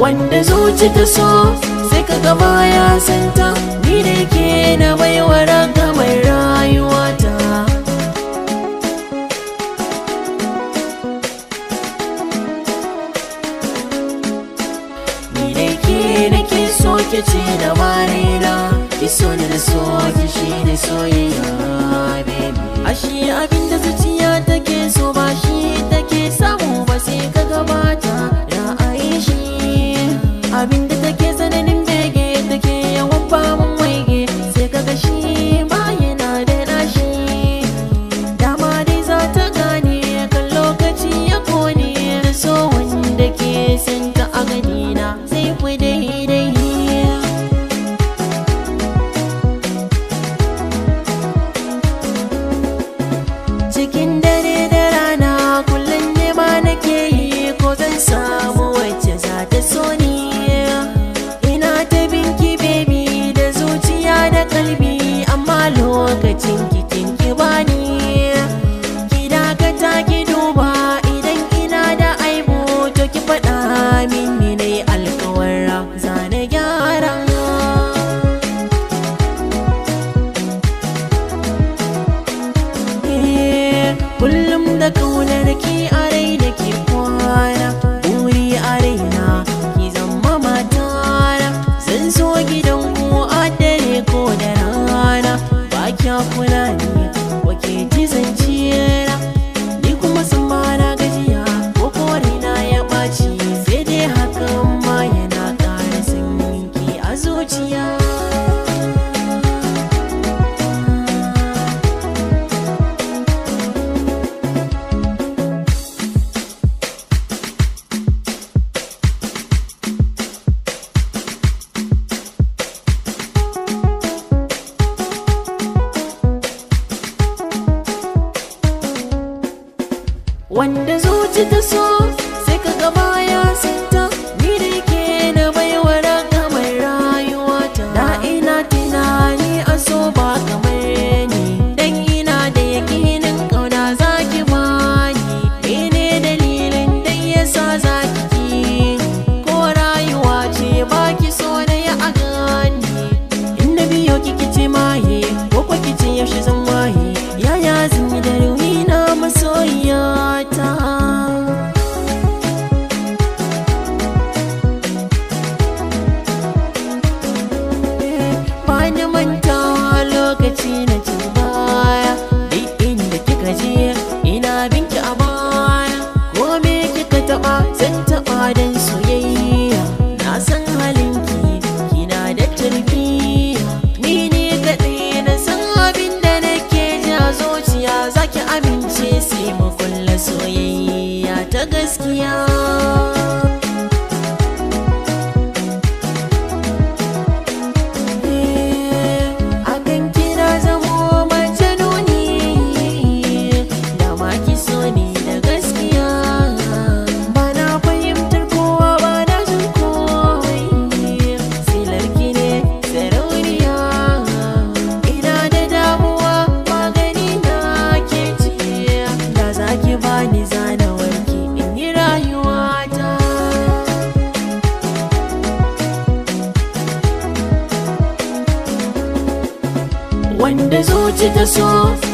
wanda zuci ta so sai ka gaba ya santa ni da ke na baiwa raga mai rayuwata ni da ke na ke so ke ce da da, ki so ni da so ki shi ne soyayya baby shi abin Ricky. wanda zuci ta so Argentina wanda zuci ta so